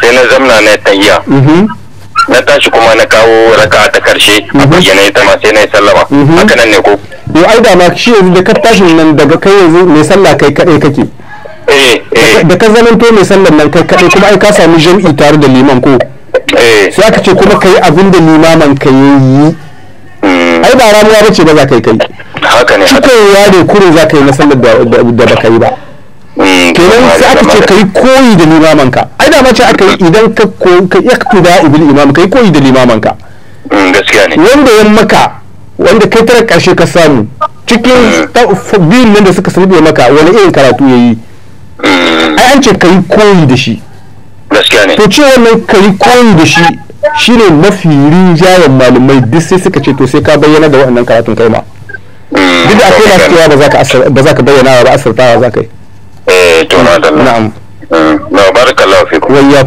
sai na zamna na tahiya na tashi kuma na kawo raka ta karshe a bayyane ta ma sai na yi sallama haka nan ne ko to ai da ma shi yanzu da ka tashi nan daga kai yanzu mai sallah kai kadai kake eh, da ka eh. to mai sallar nan kai kadai kuma ai ka sami jam'i tare da liman ko eh. sai aka ce kuma kai abin da limaman ka yi hmm. ai ba ramuwa ba ce ba za ka yi kai cikowa ne kurin za ka yi na sallar da ba ka yi ba hmm, kenan sai aka ce ka yi koyi da limaman ka ai da mace aka yi idan ka iya kuda ibil imam ka koyi da limaman ka hmm, wanda ya maka wanda kai tara karshe ka samu cikin biyun nan da suka sarbe maka wani irin karatu ya yi ai an ce ka yi koyi da shi to ce wannan ka yi koyi da shi shine mafi rinjayen malamai duk sai suka ce to sai ka bayyana da wannan karatun kai ma duk da akwai masu cewa ba za ka bayyana ba asirtawa za ka yi eh na da na'am mm, na barakallahu fikum wa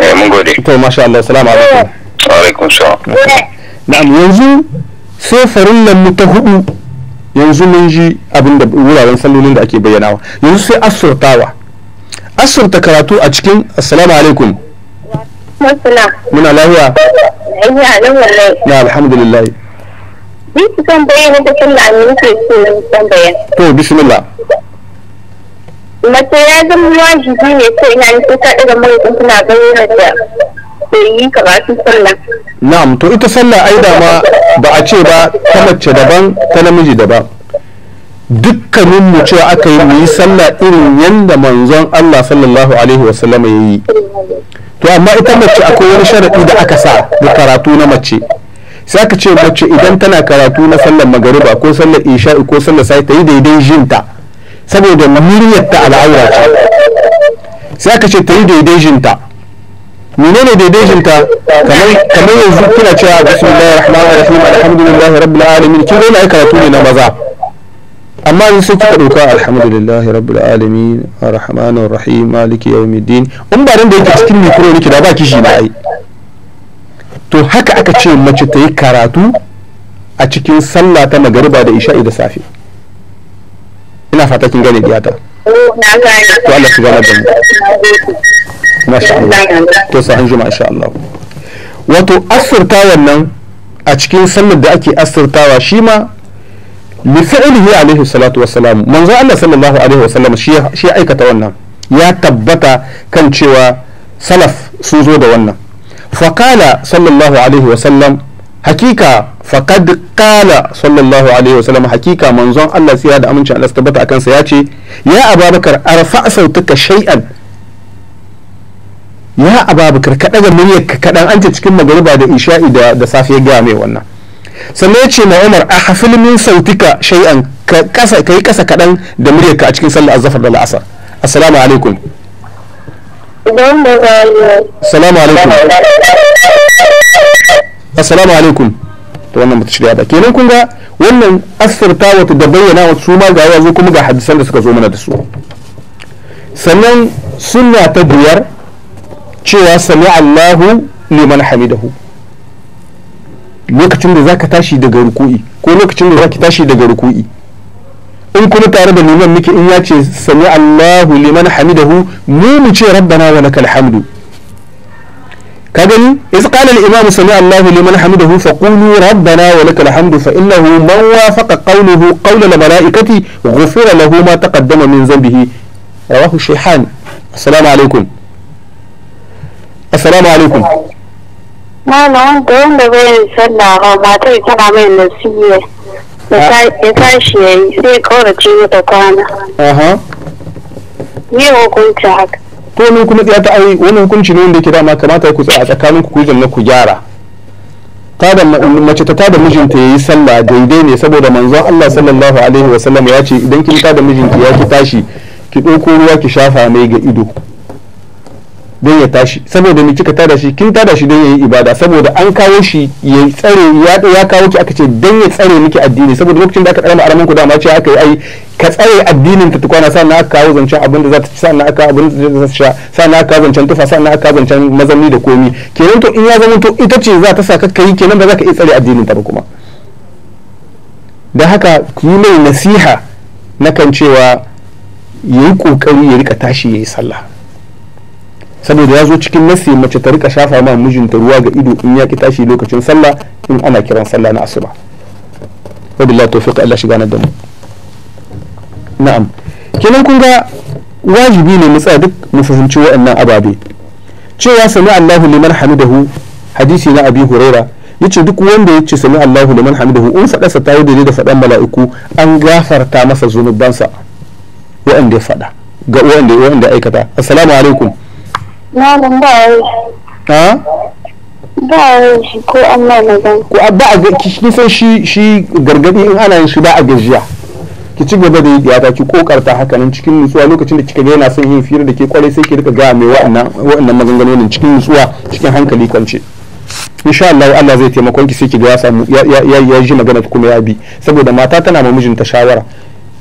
eh mun gode to masha Allah assalamu alaikum wa alaikum salam na'am yanzu sai nan mu ta hudu yanzu mun ji abin da wuraren sallolin da ake bayyanawa yanzu sai asurtawa asurta karatu a cikin assalamu alaikum muna lahiya na alhamdulillah ni san bayyana da sallah ne nake so na san bayan to bismillah mace ya zama wajibi ne ko ina ne ko ta daga mai suna bayyana da bai yi sallah na'am to ita sallah ai da ma ba a ce ba ta mace daban ta namiji daban dukkanin mu cewa aka yi mu yi sallah irin yanda manzon Allah sallallahu alaihi wa sallama ya yi to amma ita mace akwai wani sharaɗi da aka sa da karatu na mace sai aka ce mace idan tana karatu na sallar magariba ko sallar isha'i ko sallar sai ta yi daidai jinta saboda muryar ta al'aura ce sai aka ce ta yi daidai jinta menene daidaitinta kamar yanzu kina cewa bismillahir rahmanir rahim alhamdulillahi rabbil alamin kin dole ai karatu ne na maza amma yanzu sai kika dauka alhamdulillahi rabbil alamin arrahmanir rahim maliki yawmiddin in ba nan da yake cikin mikro ne da ba kishi na ai to haka aka ce mace ta yi karatu a cikin sallah ta magariba da isha'i da safe ina fata kin gane diyata to Allah su gane da mu masha Allah to insha Allah wato asirta wannan a cikin sallar da ake asirtawa shi ma li fi'lihi alaihi salatu wassalam manzo Allah sallallahu alaihi wasallam shi ya aikata wannan ya tabbata kan cewa salaf sun zo da wannan faqala sallallahu alaihi wasallam hakika faqad qala sallallahu alaihi wasallam hakika manzon Allah sai da amincin Allah tabbata akan sa ce ya ababakar arfa sautaka shay'an ya ababakar ka daga muryar ka kadan an ce cikin magariba da isha'i da da safiya ga mai wannan sannan ya ce ma umar a hafil min sautika shay'an ka kasa kai kasa kadan da muryar ka a cikin sallar azhar da al'asar assalamu alaikum assalamu alaikum assalamu alaikum to wannan bata shirya ba kenan kun ga wannan asirta wata da bayyana wa su ma ga yanzu kuma ga hadisan da suka zo mana da su sannan sunna ta biyar cewa sami Allahu liman hamidahu lokacin da zaka tashi daga ruku'i ko lokacin da zaki tashi daga ruku'i in kuma tare da liman muke in ya ce sami Allahu liman hamidahu mu mu ce rabbana wa lakal hamdu ka gani iz qala al-imam sami Allahu liman hamidahu fa qulu rabbana wa lakal hamdu fa innahu man wafaqa qawluhu qawla al-mala'ikati ghufira lahu ma taqaddama min dhanbihi rawahu shayhan assalamu alaikum assalamu alaikum malam da wanda bai sallah ba matar tana mai nasiya ya ah. tashi ya yi sai kaurace mata kwana me hukunci haka Ko ni kuma tsaya ta ai wani hukunci ne wanda ke dama kamata ku tsaya a tsakanin ku kujan na ku gyara tada mace ta tada mijinta ya yi sallah daidai ne saboda manzon Allah sallallahu alaihi wasallam ya ce idan kin tada mijinki ya ki tashi ki ɗauko ruwa ki shafa mai ga ido don ya tashi saboda mai kika tada shi kin tada shi don ya yi ibada saboda an kawo shi ya tsare ya kawo ki aka ce don ya tsare miki addini saboda lokacin da aka tsara ma'araman ku dama ce aka yi ai ka tsare addinin ta tukwana sannan aka kawo zancen abin da za ta ci sannan aka abin da za ta sha sannan aka kawo zancen tufa sannan aka kawo zancen mazanni da komi kenan to in ya zama to ita ce za ta sa ka yi kenan ba za ka iya tsare addinin ta ba kuma da haka ku yi mai nasiha na kan cewa yayi kokari ya rika tashi yayi sallah saboda ya zo cikin nasi mace ta rika shafa ma mijinta ruwa ga ido in ya ki tashi lokacin sallah in ana kiran sallah na asuba wabillahi tawfiq Allah shiga na damu na'am kenan kun ga wajibi ne mu tsaya duk mu fahimci waɗannan ababe cewa sami Allahu liman hamidahu hadisi na Abi Huraira yace duk wanda ya ce sami Allahu liman hamidahu in faɗarsa ta yi da faɗan mala'iku an gafarta masa zunubansa waɗanda ya faɗa ga waɗanda ya aikata assalamu alaikum Malam ba a ko an Ba a kin san shi shi gargadi in ana yin shi ba a gajiya. ki ci gaba da yi biyata ki kokarta hakanan cikin nutsuwa lokacin da kika ga yana son yin fira da ke kwarai sai ki rika ga mai wa'annan wa'annan maganganun cikin nutsuwa cikin hankali kwance insha Allah Allah zai taimakon ki sai ki ga ya samu ya ji magana kuma ya bi saboda mata tana ma mijinta shawara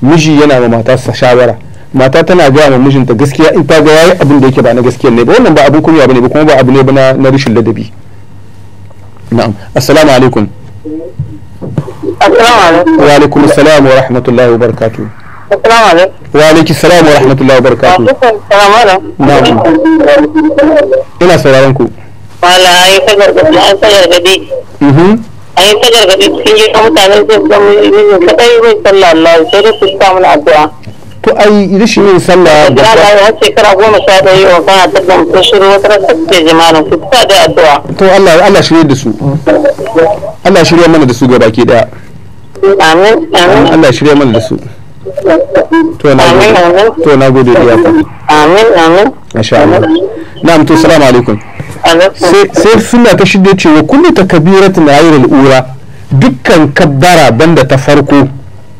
miji yana ma matarsa shawara mata tana gaya ma mijinta gaskiya in ta ga yayi abin da yake ba na gaskiya ne ba wannan ba abin kunya bane ba kuma ba abu ne ba na rashin ladabi na'am assalamu alaikum assalamu alaikum wa alaikum assalam wa rahmatullahi wa barakatuh assalamu alaikum wa alaikum assalam wa rahmatullahi wa barakatuh na'am ina sauraron ku wala ai ta gargadi an ta gargadi an ta gargadi cikin mutanen sai su zama yin kadai mai sallallahu alaihi wasallam sai da su samu addu'a to ai rashin yin sallah da ba ya shekara goma sha ɗaya yau ba ta dan ko shiru wata rasa ce jama'a su ta da addu'a to Allah Allah shirye da su Allah shirye mana da su ga baki daya amin amin Allah shirye mana da su to na gode to na gode da yafa amin amin masha Allah na'am to assalamu alaikum sai sunna ta shirye cewa kullu takbiratin ayyul ura dukkan kabbara banda ta farko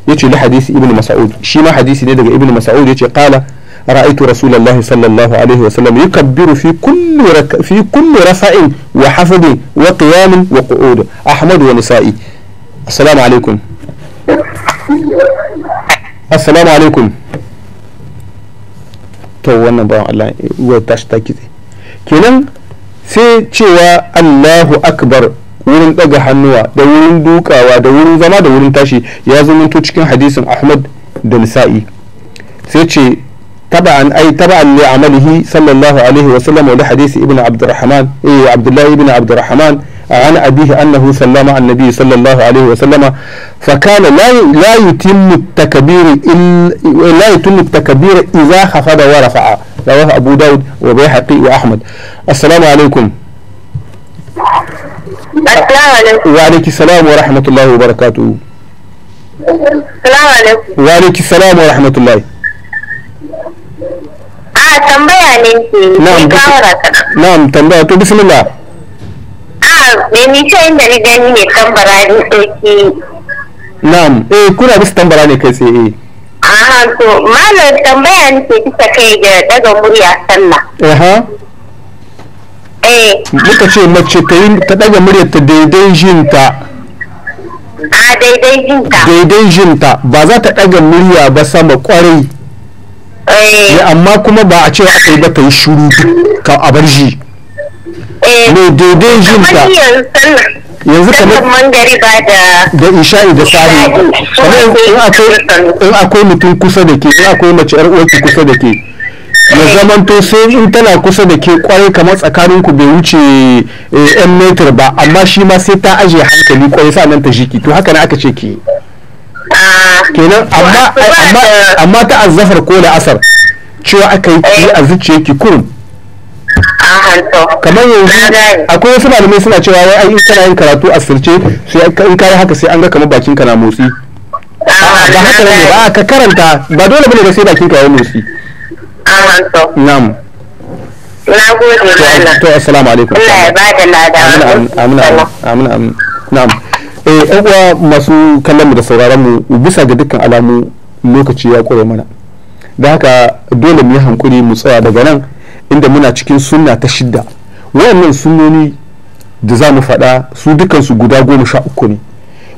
يجي لحديث ابن مسعود شيما حديث ندق ابن مسعود يجي قال رأيت رسول الله صلى الله عليه وسلم يكبر في كل رك... في كل رفع وحفظ وقيام وقعود أحمد ونسائي السلام عليكم السلام عليكم تو وانا الله وتشتاكي كنن في تشوا الله أكبر wurin daga hannuwa da wurin dukawa da wurin zama da wurin tashi ya zamanto cikin hadisin ahmad da nisa'i sai ce taba'an ai taba'an li amalihi sallallahu alaihi wa sallam wa hadisi ibnu abdurrahman eh abdullahi ibnu abdurrahman عن أبيه أنه سلم عن النبي صلى الله عليه وسلم فكان لا لا يتم التكبير إلا لا يتم التكبير إذا خفض ورفع رواه أبو داود وبيحقي وأحمد السلام عليكم السلام عليكم وعليك السلام ورحمة الله وبركاته السلام عليكم وعليك السلام ورحمة الله آه تنبيه ننتي نعم نعم تنبيه تو طيب، بسم الله آه بنيشي عند الجاني نتنبراني نعم إيه كنا بس تنبراني كيسي إيه آه تو ما لو تنبيه ننتي تسكي جدا جمهوري أسنى إيه ها Eh. muka ce mace ta yi ta daga muryarta daidai jinta a daidai jinta daidai jinta ba za ta daga murya ba sama kwarai eh. ya amma kuma ba a ce aka yi ba ta yi shuru ka a bar ji ne eh. daidai jinta yanzu kamar da isha'i da sahi kamar in akwai mutum kusa da ke in akwai mace yar uwarki kusa da ke ya eh, zaman to sai in tana kusa da ke kwaye kamar tsakanin ku bai wuce eh, yan metar ba amma shi ma sai ta ajiye hankali kwaye sa nan ta ki to haka na aka ce ki ah. kenan amma ta azzafar ko da asar cewa aka yi ki eh. a zuciya ki kurum ah, kamar yanzu akwai wasu malamai suna cewa wai ai in kana yin karatu a sirce sai in kai haka sai an ga kamar bakin na motsi ah, ba haka ne ba ka karanta ba dole bane ba sai bakin ka ya motsi na'am na amina amina amina na'am eh uwa masu kallon mu da sauraron mu bisa ga dukkan alamu lokaci ya kore mana da haka dole mu yi hankuri mu tsaya daga nan inda muna cikin sunna ta shidda wayannan sunnoni da za mu faɗa su dukansu guda goma sha uku ne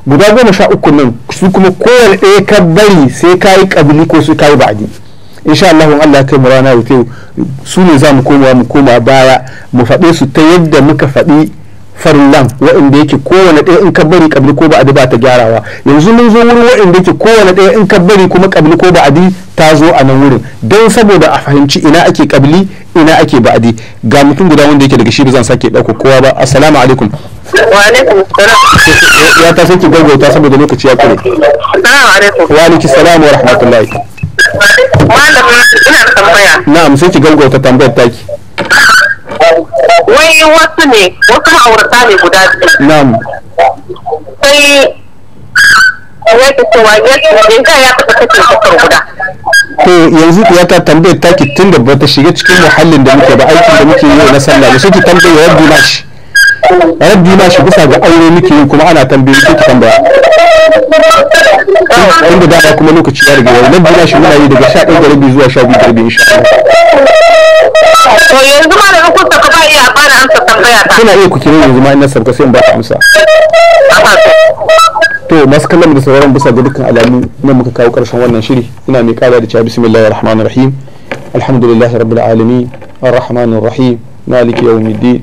guda goma sha uku nan su kuma kowane ɗaya ka bari sai ka yi ƙabili ko sai ka yi ba'adi insha Allah in Allah kai mu rana da tayu su ne za mu koma mu koma baya mu faɗe su ta yadda muka faɗi farillan waɗanda yake kowane ɗaya in ka bari kabli ko ba'adi ba ta gyarawa yanzu mun zo wurin waɗanda yake kowane ɗaya in ka bari kuma kabli ko ba'adi ta zo a nan wurin don saboda a fahimci ina ake kabli ina ake ba'adi ga mutum guda wanda yake daga shi ba zan sake ɗauko kowa ba assalamu alaikum ya ta sake gaggauta saboda lokaci ya kure wa alaikum salam wa rahmatullahi malamin ina da tambaya na'am sai ki gaggauta tambayar taki wai wasu ne wasu ma'aurata ne guda biyu na'am sai ya ke cewa ya ka ya fita kace kafar guda to yanzu ya ta tambayar taki tun da ba ta shiga cikin muhallin da muke ba aikin da muke yi na sallah ba sai ki tambaya rabbi nashi rabbi nashi bisa ga aure muke yi kuma ana tambaye ki tambaya inda dama kuma lokaci ya riga wannan bina shi muna yi daga sha ɗaya da rabi zuwa sha biyu da rabi insha Allah. To yanzu ma da rukunta ka ba iya ba da amsa tambaya ta. Kuna iya ku kira yanzu ma ina sarka sai in ba ka amsa. To masu kallon da sauran bisa ga dukkan alamu na muka kawo ƙarshen wannan shiri ina mai kara da cewa bismillahir rahmanir rahim alhamdulillahi rabbil alamin arrahmanir rahim maliki yawmiddin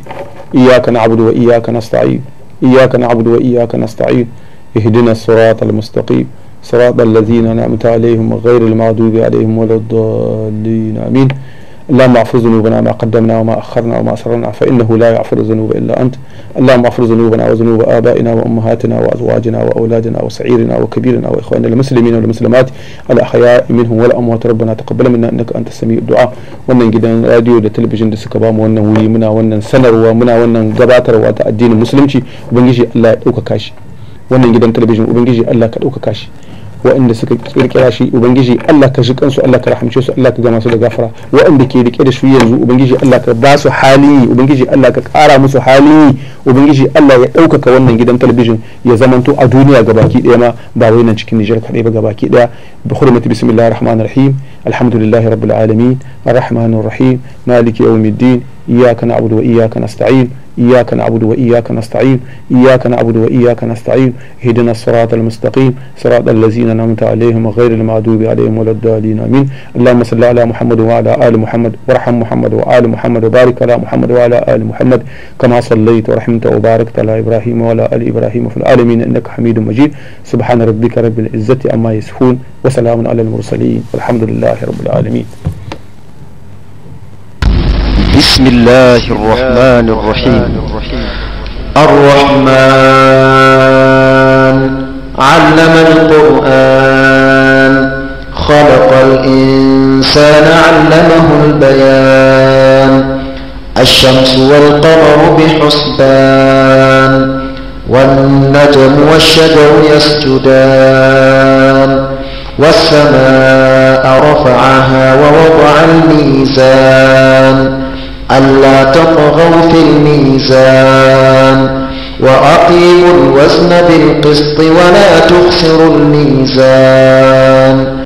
iyyaka na'budu wa iyyaka nasta'in iyyaka na'budu wa iyyaka nasta'in اهدنا الصراط المستقيم صراط الذين نعمت عليهم غير المغضوب عليهم ولا الضالين آمين اللهم اغفر ذنوبنا ما قدمنا وما أخرنا وما أسررنا فإنه لا يغفر الذنوب إلا أنت اللهم اغفر ذنوبنا وذنوب آبائنا وأمهاتنا وأزواجنا وأولادنا وسعيرنا وكبيرنا وإخواننا المسلمين والمسلمات الأحياء منهم والأموات ربنا تقبل منا إنك أنت السميع الدعاء wannan جدا راديو da talabijin da ويمنا ba سنر wannan wuri muna وتأدين المسلمين بنجي الله gabatarwa wannan gidan talabijin ubangiji Allah ka ɗaukaka shi waɗanda suka kirkira shi ubangiji Allah ka shi kansu Allah ka rahamce su Allah ka gama su da gafara waɗanda ke rike da su yanzu ubangiji Allah ka ba su halin ubangiji Allah ka ƙara musu hali ubangiji Allah ya ɗaukaka wannan gidan talabijin ya zamanto a duniya gabaki ɗaya ma ba wai nan cikin Nijar kaɗai ba gabaki ɗaya bi hurmati bismillahir rahmanir rahim الحمد لله رب العالمين الرحمن الرحيم مالك يوم الدين إياك نعبد وإياك نستعين إياك نعبد وإياك نستعين إياك نعبد وإياك نستعين اهدنا الصراط المستقيم صراط الذين أنعمت عليهم غير المغضوب عليهم ولا الضالين آمين اللهم صل على محمد وعلى آل محمد وارحم محمد وآل محمد وبارك على محمد وعلى آل محمد كما صليت ورحمت وباركت على إبراهيم وعلى آل إبراهيم في العالمين إنك حميد مجيد سبحان ربك رب العزة عما يصفون وسلام على المرسلين والحمد لله رب العالمين بسم الله الرحمن الرحيم الرحمن علم القرآن خلق الإنسان علمه البيان الشمس والقمر بحسبان والنجم والشجر يسجدان والسماء رفعها ووضع الميزان ألا تطغوا في الميزان وأقيموا الوزن بالقسط ولا تخسروا الميزان